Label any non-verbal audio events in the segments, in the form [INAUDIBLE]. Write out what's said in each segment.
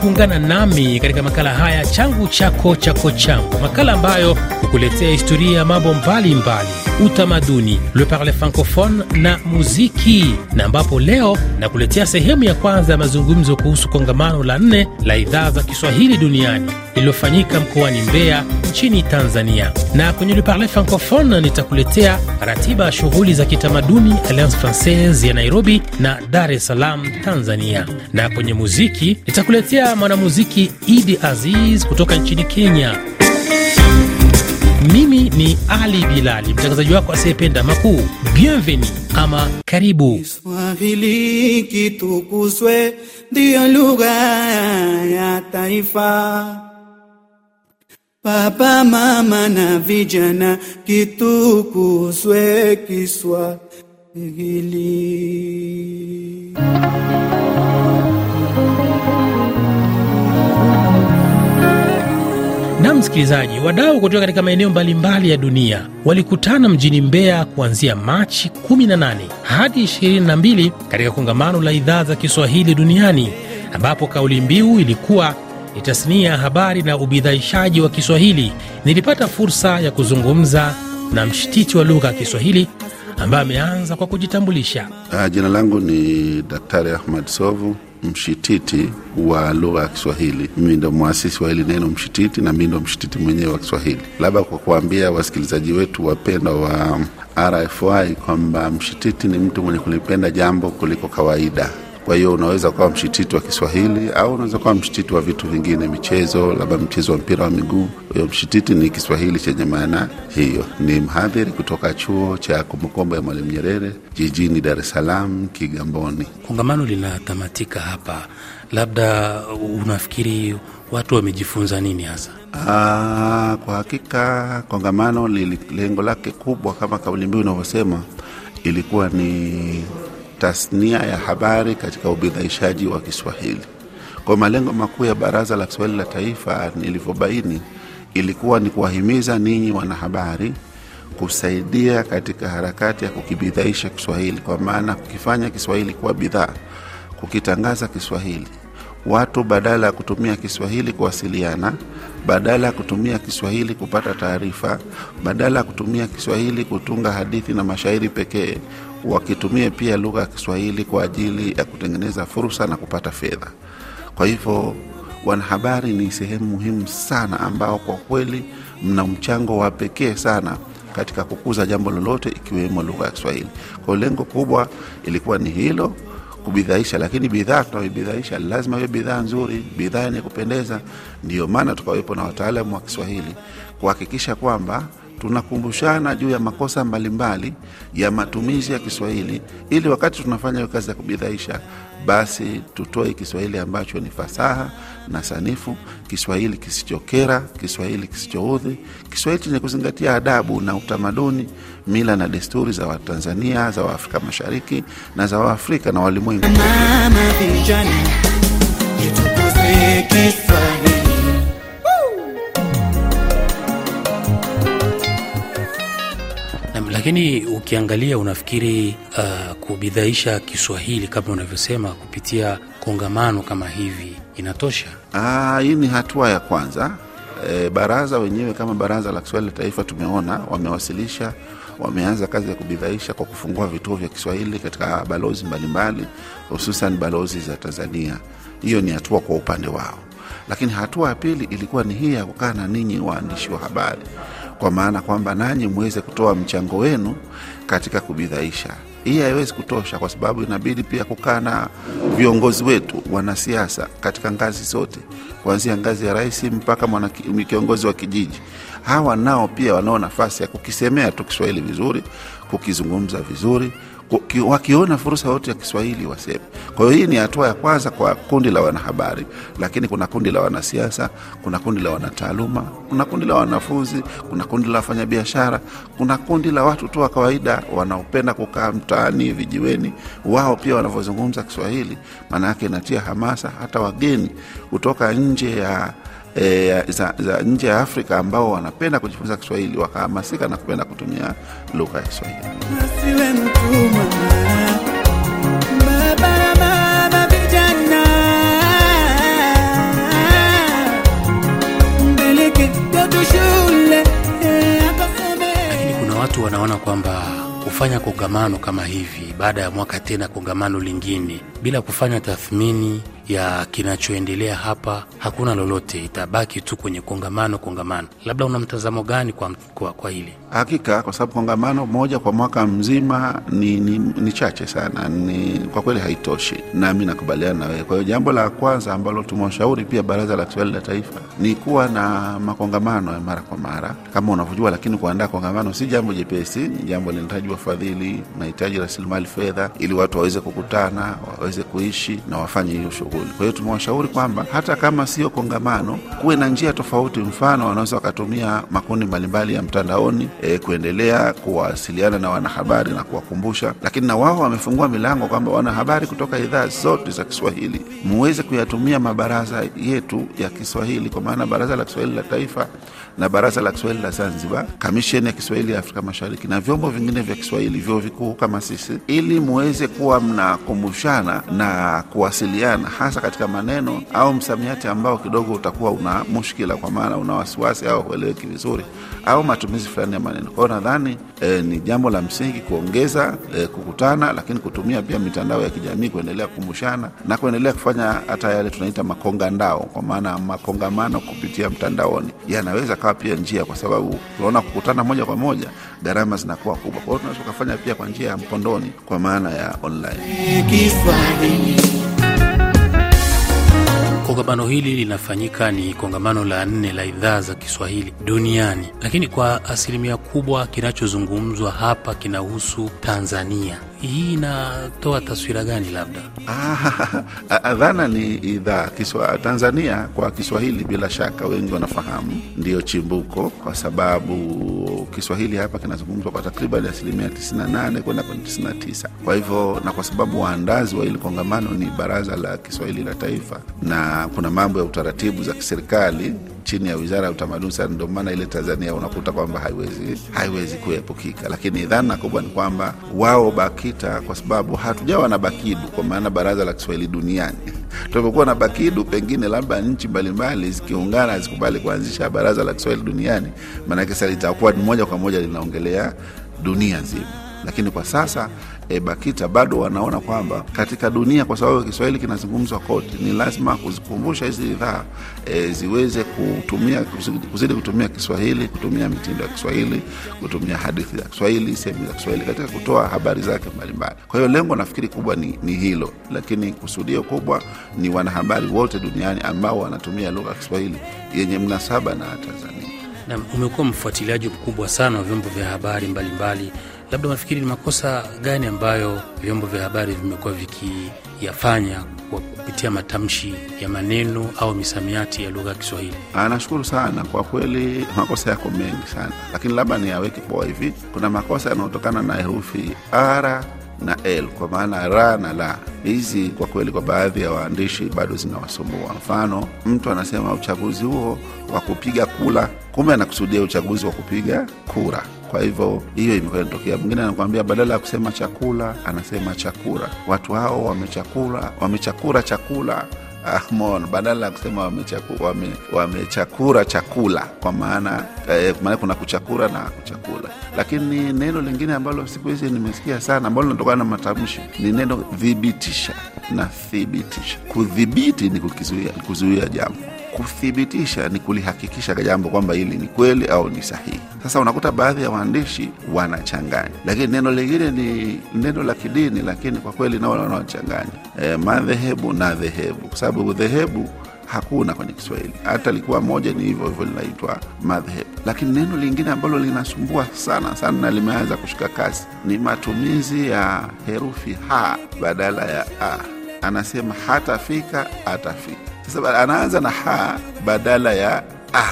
kuungana nami katika makala haya changu chako chako changu, makala ambayo hukuletea historia ya mambo mbalimbali, utamaduni, le parle francophone na muziki, na ambapo leo nakuletea sehemu ya kwanza ya mazungumzo kuhusu kongamano la nne la idhaa za Kiswahili duniani lililofanyika mkoani Mbeya nchini Tanzania. Na kwenye Le Parler Francophone nitakuletea ratiba ya shughuli za kitamaduni Alliance Francaise ya Nairobi na Dar es Salaam, Tanzania. Na kwenye muziki nitakuletea mwanamuziki Idi Aziz kutoka nchini Kenya. Mimi ni Ali Bilali, mtangazaji wako asiyependa makuu. Bienveni ama karibu. Kiswahili kitukuzwe, ndiyo lugha ya taifa Papa, mama na vijana, kitukuzwe Kiswahili. Na msikilizaji, wadau kutoka katika maeneo mbalimbali ya dunia walikutana mjini Mbeya kuanzia Machi 18 hadi 22 katika kongamano la idhaa za Kiswahili duniani ambapo kauli mbiu ilikuwa ni tasnia ya habari na ubidhaishaji wa Kiswahili. Nilipata fursa ya kuzungumza na mshititi wa lugha ya Kiswahili ambaye ameanza kwa kujitambulisha. Ah, jina langu ni Daktari Ahmad Sovu, mshititi wa lugha ya Kiswahili. Mimi ndo mwasisi wa hili neno mshititi, na mimi ndo mshititi mwenyewe wa Kiswahili. Labda kwa kuambia wasikilizaji wetu wapendwa wa RFI kwamba mshititi ni mtu mwenye kulipenda jambo kuliko kawaida. Kwa hiyo unaweza ukawa mshititi wa Kiswahili au unaweza ukawa mshititi wa vitu vingine, michezo, labda mchezo wa mpira wa miguu. Hiyo mshititi ni Kiswahili chenye maana hiyo. Ni mhadhiri kutoka chuo cha kumbukumbu ya Mwalimu Nyerere jijini Dar es Salaam, Kigamboni. Kongamano linatamatika hapa, labda unafikiri watu wamejifunza nini hasa? Aa, ah, kwa hakika kongamano lengo lake kubwa kama kauli mbiu unavyosema ilikuwa ni tasnia ya habari katika ubidhaishaji wa Kiswahili. Kwa malengo makuu ya Baraza la Kiswahili la Taifa, nilivyobaini, ilikuwa ni kuwahimiza ninyi wanahabari kusaidia katika harakati ya kukibidhaisha Kiswahili, kwa maana kukifanya Kiswahili kuwa bidhaa, kukitangaza Kiswahili. Watu badala ya kutumia Kiswahili kuwasiliana, badala ya kutumia Kiswahili kupata taarifa, badala ya kutumia Kiswahili kutunga hadithi na mashairi pekee, wakitumie pia lugha ya Kiswahili kwa ajili ya kutengeneza fursa na kupata fedha. Kwa hivyo wanahabari ni sehemu muhimu sana, ambao kwa kweli mna mchango wa pekee sana katika kukuza jambo lolote, ikiwemo lugha ya Kiswahili. Kwa lengo kubwa ilikuwa ni hilo kubidhaisha, lakini bidhaa tunayoibidhaisha lazima iwe bidhaa nzuri, bidhaa yenye kupendeza. Ndiyo maana tukawepo na wataalamu wa Kiswahili kuhakikisha kwamba tunakumbushana juu ya makosa mbalimbali mbali ya matumizi ya Kiswahili ili wakati tunafanya hiyo kazi ya kubidhaisha, basi tutoe Kiswahili ambacho ni fasaha na sanifu, Kiswahili kisichokera, Kiswahili kisichoudhi, Kiswahili chenye kuzingatia adabu na utamaduni, mila na desturi za Watanzania, za Waafrika Mashariki na za Waafrika na walimwengu. Lakini ukiangalia unafikiri, uh, kubidhaisha Kiswahili kama unavyosema kupitia kongamano kama hivi inatosha? Ah, hii ni hatua ya kwanza. E, baraza wenyewe kama Baraza la Kiswahili la Taifa tumeona wamewasilisha, wameanza kazi ya kubidhaisha kwa kufungua vituo vya Kiswahili katika balozi mbalimbali, hususan balozi za Tanzania. Hiyo ni hatua kwa upande wao, lakini hatua ya pili ilikuwa ni hii ya kukaa na ninyi waandishi wa habari kwa maana kwamba nanyi mweze kutoa mchango wenu katika kubidhaisha. Hii haiwezi kutosha, kwa sababu inabidi pia kukaa na viongozi wetu wanasiasa katika ngazi zote, kuanzia ngazi ya rais mpaka kiongozi wa kijiji. Hawa nao pia wanao nafasi ya kukisemea tu Kiswahili vizuri, kukizungumza vizuri wakiona fursa yote ya Kiswahili waseme. Kwa hiyo hii ni hatua ya kwanza kwa kundi la wanahabari, lakini kuna kundi la wanasiasa, kuna kundi la wanataaluma, kuna kundi la wanafunzi, kuna kundi la wafanyabiashara, kuna kundi la watu tu wa kawaida wanaopenda kukaa mtaani, vijiweni, wao pia wanavyozungumza Kiswahili, maana yake inatia hamasa hata wageni kutoka nje ya e, za, za nje ya Afrika ambao wanapenda kujifunza Kiswahili wakahamasika na kupenda kutumia lugha ya Kiswahili. Eh, watu wanaona kwamba kufanya kongamano kama hivi baada ya mwaka tena kongamano lingine bila kufanya tathmini ya kinachoendelea hapa, hakuna lolote, itabaki tu kwenye kongamano. Kongamano labda una mtazamo gani kwa, kwa, kwa hili? Hakika, kwa sababu kongamano moja kwa mwaka mzima ni, ni, ni chache sana, ni kwa kweli haitoshi, nami nakubaliana na wewe. Kwa hiyo jambo la kwanza ambalo tumewashauri pia Baraza la Kiswahili la Taifa ni kuwa na makongamano ya mara kwa mara kama unavyojua, lakini kuandaa kongamano si jambo jepesi, ni jambo linahitaji wafadhili, unahitaji rasilimali fedha ili watu waweze kukutana, waweze kuishi na wafanye hiyo shughuli shughuli. Kwa hiyo tumewashauri kwamba hata kama sio kongamano, kuwe na njia tofauti. Mfano, wanaweza wakatumia makundi mbalimbali ya mtandaoni e, kuendelea kuwasiliana na wanahabari na kuwakumbusha, lakini na wao wamefungua milango kwamba wanahabari kutoka idhaa zote za Kiswahili muweze kuyatumia mabaraza yetu ya Kiswahili, kwa maana baraza la Kiswahili la Taifa na Baraza la Kiswahili la Zanzibar, Kamisheni ya Kiswahili ya Afrika Mashariki na vyombo vingine vya Kiswahili, vyuo vikuu kama sisi, ili muweze kuwa mnakumbushana na kuwasiliana, hasa katika maneno au msamiati ambao kidogo utakuwa una mushkila, kwa maana una wasiwasi au hueleweki vizuri, au matumizi fulani ya maneno. Kwa hiyo nadhani e, ni jambo la msingi kuongeza e, kukutana, lakini kutumia pia mitandao ya kijamii kuendelea kukumbushana na kuendelea kufanya hata yale tunaita makonga ndao, kwa maana makongamano kupitia mtandaoni yanaweza yakawa pia njia, kwa sababu tunaona kukutana moja kwa moja gharama zinakuwa kubwa. Kwa hiyo tunaweza kufanya pia kwa njia ya mkondoni, kwa maana ya online. Kongamano hili linafanyika ni kongamano la nne la idhaa za Kiswahili duniani, lakini kwa asilimia kubwa kinachozungumzwa hapa kinahusu Tanzania hii inatoa taswira gani? Labda dhana ah, [LAUGHS] adhana ni idhaa Kiswa, Tanzania kwa Kiswahili bila shaka wengi wanafahamu ndiyo chimbuko, kwa sababu Kiswahili hapa kinazungumzwa kwa takriban asilimia 98 kwenda kwenye 99. Kwa hivyo na kwa sababu waandazi wa hili kongamano ni Baraza la Kiswahili la Taifa, na kuna mambo ya utaratibu za kiserikali chini ya wizara ya utamaduni sana. Ndio maana ile Tanzania unakuta kwamba haiwezi, haiwezi kuepukika, lakini dhana kubwa ni kwamba wao BAKITA kwa sababu hatujawa na BAKIDU kwa maana baraza la Kiswahili duniani [LAUGHS] tulipokuwa na BAKIDU pengine labda nchi mbalimbali zikiungana zikubali kuanzisha baraza la Kiswahili duniani, maanake sasa litakuwa moja kwa moja linaongelea dunia nzima, lakini kwa sasa e, BAKITA bado wanaona kwamba katika dunia, kwa sababu Kiswahili kinazungumzwa kote, ni lazima kuzikumbusha hizi idhaa e, ziweze kutumia kuzidi kutumia Kiswahili, kutumia mitindo ya Kiswahili, kutumia hadithi za Kiswahili, sehemu za Kiswahili katika kutoa habari zake mbalimbali. Kwa hiyo lengo nafikiri kubwa ni, ni hilo, lakini kusudio kubwa ni wanahabari wote duniani ambao wanatumia lugha ya Kiswahili yenye mnasaba na Tanzania. Na umekuwa mfuatiliaji mkubwa sana wa vyombo vya habari mbalimbali mbali. Labda unafikiri ni makosa gani ambayo vyombo vya habari vimekuwa vikiyafanya kwa kupitia matamshi ya maneno au misamiati ya lugha ya Kiswahili? Ah, nashukuru sana kwa kweli, makosa yako mengi sana, lakini labda niyaweke poa hivi. Kuna makosa yanayotokana na herufi ara na l kwa maana ra na la. Hizi kwa kweli kwa baadhi ya waandishi bado zinawasumbua. Mfano, mtu anasema uchaguzi huo wa kupiga kula, kumbe anakusudia uchaguzi wa kupiga kura. Kwa hivyo hiyo imekuwa inatokea. Mwingine anakuambia badala ya kusema chakula anasema chakura. Watu hao wamechakula, wamechakura chakula Ahmon badala ya kusema wamechakura wame, wame chakula kwa maana eh, maana kuna kuchakura na kuchakula. Lakini neno lingine ambalo siku hizi nimesikia sana ambalo linatokana na matamshi ni neno thibitisha na thibitisha. Kudhibiti ni kuzuia jambo kuthibitisha ni kulihakikisha jambo kwamba hili ni kweli au ni sahihi. Sasa unakuta baadhi ya waandishi wanachanganya, lakini neno lingine ni neno la kidini, lakini kwa kweli nao wanachanganya e, madhehebu na dhehebu, kwa sababu dhehebu hakuna kwenye Kiswahili. Hata likuwa moja ni hivyo hivyo linaitwa madhehebu. Lakini neno lingine ambalo linasumbua sana sana na limeanza kushika kasi ni matumizi ya herufi ha badala ya a. Anasema hatafika atafika sasa anaanza na ha badala ya a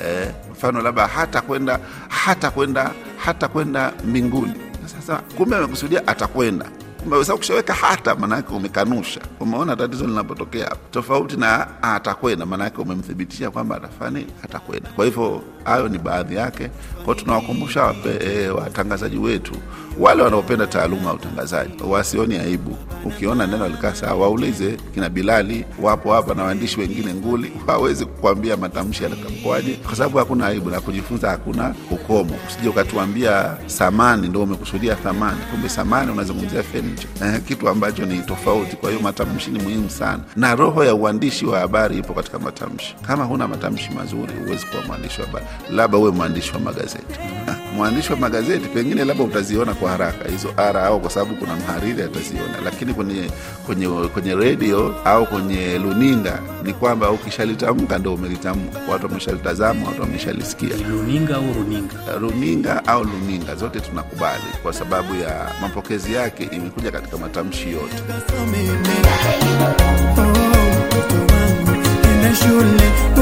eh, mfano labda hata kwenda hata kwenda hata kwenda mbinguni. Sasa kumbe amekusudia atakwenda umeweza kushaweka hata, maanake umekanusha, umeona tatizo linapotokea tofauti na atakwenda, maanake umemthibitisha kwamba atafani atakwenda. Kwa hivyo hayo ni baadhi yake, kwao tunawakumbusha e, watangazaji wetu wale wanaopenda taaluma ya utangazaji wasioni aibu. Ukiona neno likaa sawa, waulize kina Bilali, wapo hapa na waandishi wengine nguli waweze kuambia matamshi yatakuwaje, kwa sababu hakuna aibu na kujifunza hakuna ukomo. Usije ukatuambia samani ndo umekusudia thamani, kumbe samani unazungumzia eh, kitu ambacho ni tofauti. Kwa hiyo matamshi ni muhimu sana, na roho ya uandishi wa habari ipo katika matamshi. Kama huna matamshi mazuri, huwezi kuwa mwandishi wa habari, labda uwe mwandishi wa magazeti [LAUGHS] mwandishi wa magazeti pengine labda utaziona kwa haraka hizo ara au kwa sababu kuna mhariri ataziona, lakini kwenye kwenye kwenye redio au kwenye luninga ni kwamba ukishalitamka ndo umelitamka, watu wameshalitazama, watu wameshalisikia. Luninga au runinga? Runinga au luninga, zote tunakubali kwa sababu ya mapokezi yake, imekuja katika matamshi yote.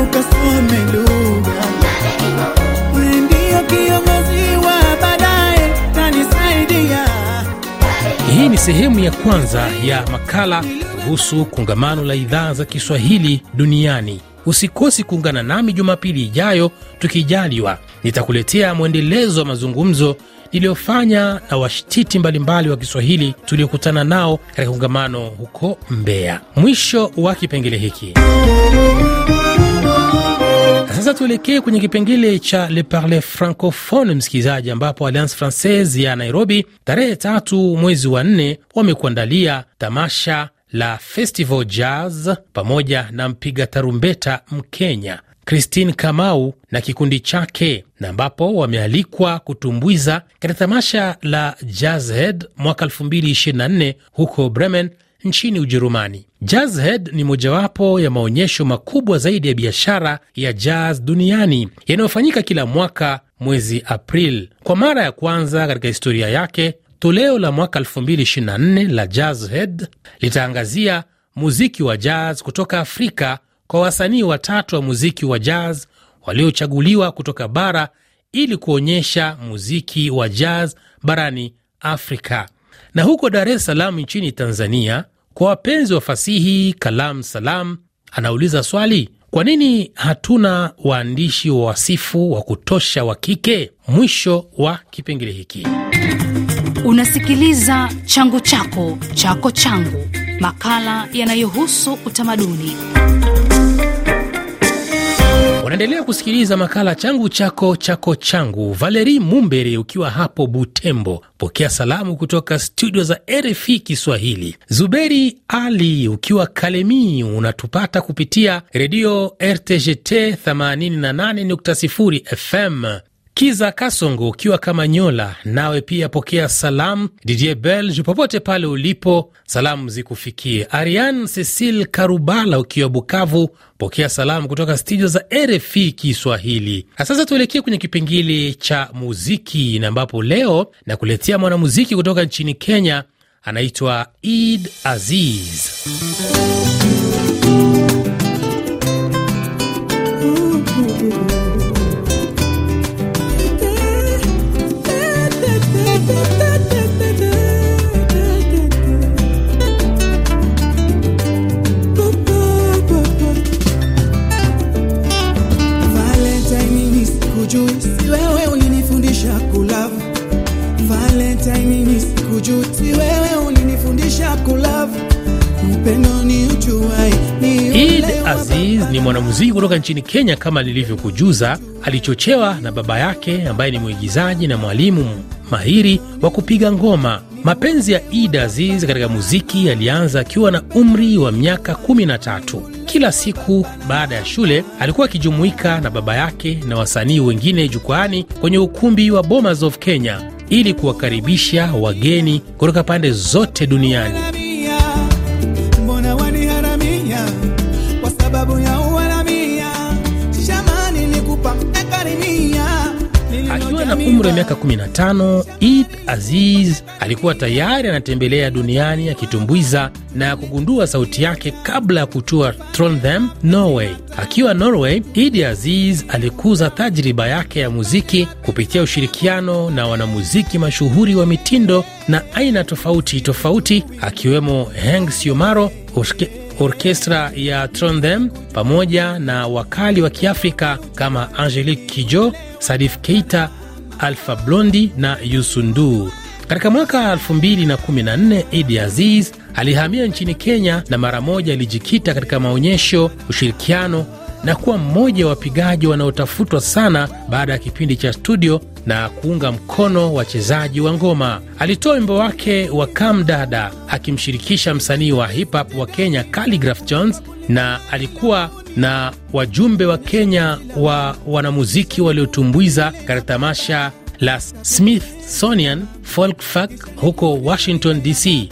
ukasome lugha Hii ni sehemu ya kwanza ya makala kuhusu kongamano la idhaa za Kiswahili duniani. Usikosi kuungana nami Jumapili ijayo tukijaliwa, nitakuletea mwendelezo wa mazungumzo niliyofanya na washtiti mbalimbali wa Kiswahili tuliokutana nao katika kongamano huko Mbeya. Mwisho wa kipengele hiki sasa tuelekee kwenye kipengele cha Le Parle Francophone, msikilizaji, ambapo Alliance Francaise ya Nairobi tarehe tatu mwezi wa nne wamekuandalia tamasha la Festival Jazz pamoja na mpiga tarumbeta Mkenya Christine Kamau na kikundi chake na ambapo wamealikwa kutumbwiza katika tamasha la Jazzhead mwaka 2024 huko Bremen nchini Ujerumani. Jazz ni mojawapo ya maonyesho makubwa zaidi ya biashara ya jazz duniani yanayofanyika kila mwaka mwezi April. Kwa mara ya kwanza katika historia yake, toleo la mwaka 2024 la Jazz litaangazia muziki wa jazz kutoka Afrika kwa wasanii watatu wa muziki wa jazz waliochaguliwa kutoka bara ili kuonyesha muziki wa jazz barani Afrika. Na huko Dar es Salaam nchini Tanzania, kwa wapenzi wa fasihi Kalam Salam anauliza swali, kwa nini hatuna waandishi wa wasifu wa kutosha wa kike? Mwisho wa kipengele hiki. Unasikiliza changu chako chako changu, makala yanayohusu utamaduni. Unaendelea kusikiliza makala changu chako chako changu. Valeri Mumbere, ukiwa hapo Butembo, pokea salamu kutoka studio za RFI Kiswahili. Zuberi Ali, ukiwa Kalemi, unatupata kupitia redio RTGT 88.0 FM. Kiza Kasongo ukiwa kama nyola nawe pia pokea salamu. DJ Belge popote pale ulipo, salamu zikufikie. Arian Cecil Karubala ukiwa Bukavu, pokea salamu kutoka studio za RFI Kiswahili. Na sasa tuelekee kwenye kipengele cha muziki, na ambapo leo nakuletea mwanamuziki kutoka nchini Kenya, anaitwa Eid Aziz. Thank you. Harmonize ni mwanamuziki kutoka nchini Kenya. Kama lilivyokujuza, alichochewa na baba yake ambaye ni mwigizaji na mwalimu mahiri wa kupiga ngoma. Mapenzi ya Ida Aziz katika muziki yalianza akiwa na umri wa miaka 13. Kila siku baada ya shule alikuwa akijumuika na baba yake na wasanii wengine jukwaani kwenye ukumbi wa Bomas of Kenya ili kuwakaribisha wageni kutoka pande zote duniani. umri wa miaka 15 Eid Aziz alikuwa tayari anatembelea duniani akitumbwiza na kugundua sauti yake kabla ya kutua Trondheim, Norway. Akiwa Norway, Eid Aziz alikuza tajriba yake ya muziki kupitia ushirikiano na wanamuziki mashuhuri wa mitindo na aina tofauti tofauti akiwemo Heng Siomaro orkestra ya Trondheim pamoja na wakali wa Kiafrika kama Angelique Kijo, Sadif Keita Alpha Blondi na Yusundu. Katika mwaka 2014 Idi Aziz alihamia nchini Kenya na mara moja alijikita katika maonyesho, ushirikiano na kuwa mmoja wa wapigaji wanaotafutwa sana baada ya kipindi cha studio na kuunga mkono wachezaji wa ngoma. Alitoa wimbo wake wa Kamdada akimshirikisha msanii wa hip hop wa Kenya Khaligraph Jones, na alikuwa na wajumbe wa Kenya wa wanamuziki waliotumbuiza katika tamasha la Smithsonian Folk Fair huko Washington DC.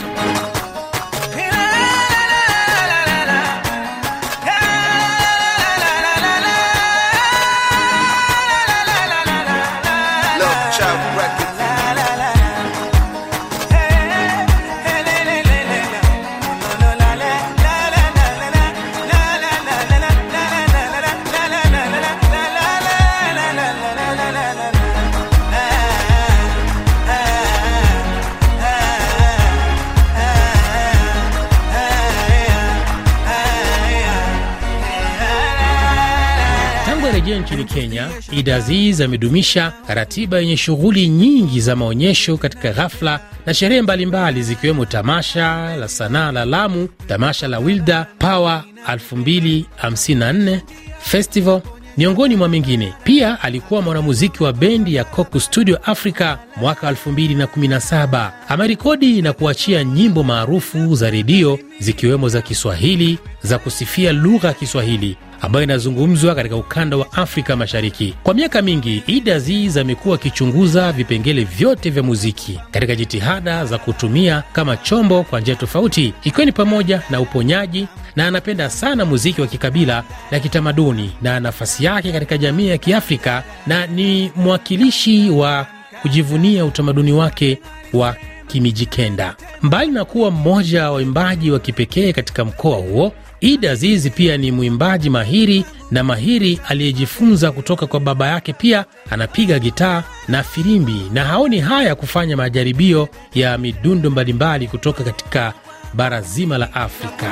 Ida Aziz amedumisha ratiba yenye shughuli nyingi za maonyesho katika ghafla na sherehe mbalimbali zikiwemo tamasha la sanaa la Lamu, tamasha la Wilda Power 2054 Festival miongoni mwa mengine. Pia alikuwa mwanamuziki wa bendi ya Coco Studio Africa mwaka 2017. Amerekodi na kuachia nyimbo maarufu za redio zikiwemo za Kiswahili za kusifia lugha ya Kiswahili ambayo inazungumzwa katika ukanda wa Afrika Mashariki. Kwa miaka mingi, Idd Aziz amekuwa akichunguza vipengele vyote vya muziki katika jitihada za kutumia kama chombo kwa njia tofauti, ikiwa ni pamoja na uponyaji, na anapenda sana muziki wa kikabila na kitamaduni na nafasi yake katika jamii ya Kiafrika, na ni mwakilishi wa kujivunia utamaduni wake wa Kimijikenda. Mbali na kuwa mmoja wa waimbaji wa kipekee katika mkoa huo, Ida Azizi pia ni mwimbaji mahiri na mahiri aliyejifunza kutoka kwa baba yake. Pia anapiga gitaa na firimbi na haoni haya kufanya majaribio ya midundo mbalimbali kutoka katika bara zima la Afrika.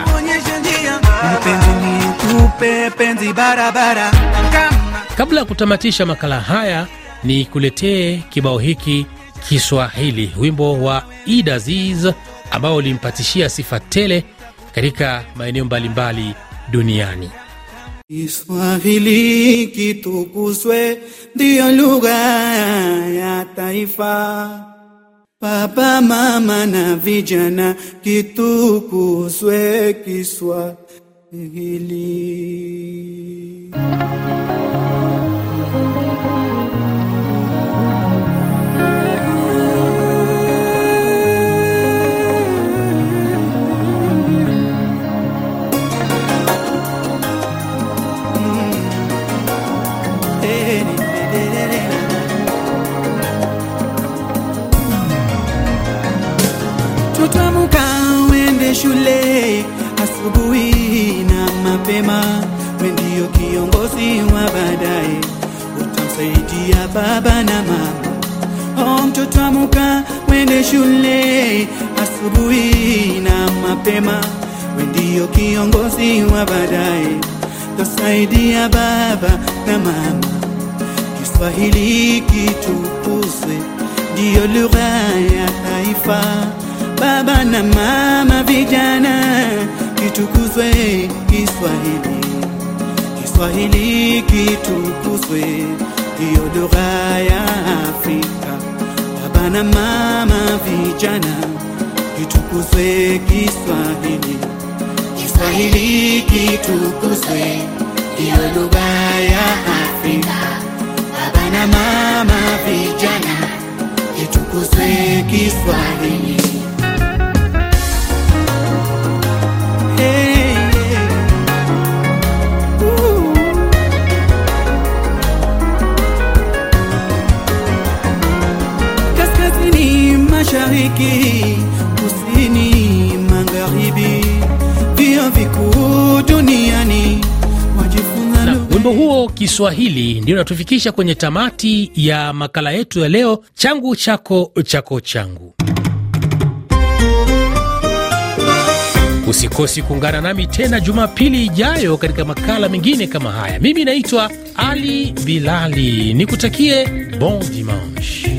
Kabla ya kutamatisha makala haya ni kuletee kibao hiki Kiswahili, wimbo wa Idd ambao ulimpatishia sifa tele katika maeneo mbalimbali duniani. Kiswahili kitukuzwe, ndiyo lugha ya taifa. Papa, mama na vijana, kitukuzwe Kiswahili. Tutamuka wende shule asubuhi na mapema, we ndio kiongozi wa baadaye, utamsaidia baba na mama. Oh, mtoto amuka wende shule asubuhi na mapema, we kiongozi wa baadaye, utasaidia baba na mama taifa hili kitukuzwe, ndiyo lugha ya taifa. Baba na mama, vijana, kitukuzwe Kiswahili, Kiswahili kitukuzwe, ndiyo lugha ya Afrika. Baba na mama, vijana, kitukuzwe Kiswahili, Kiswahili kitukuzwe, ndiyo lugha ya Afrika. Kina mama vijana, kitukuzwe Kiswahili. mashariki, kusini, magharibi, vio vikuu Wimbo huo Kiswahili ndio unatufikisha kwenye tamati ya makala yetu ya leo, changu chako chako changu. Usikosi kuungana nami tena Jumapili ijayo katika makala mengine kama haya. Mimi naitwa Ali Bilali, nikutakie bon dimanche.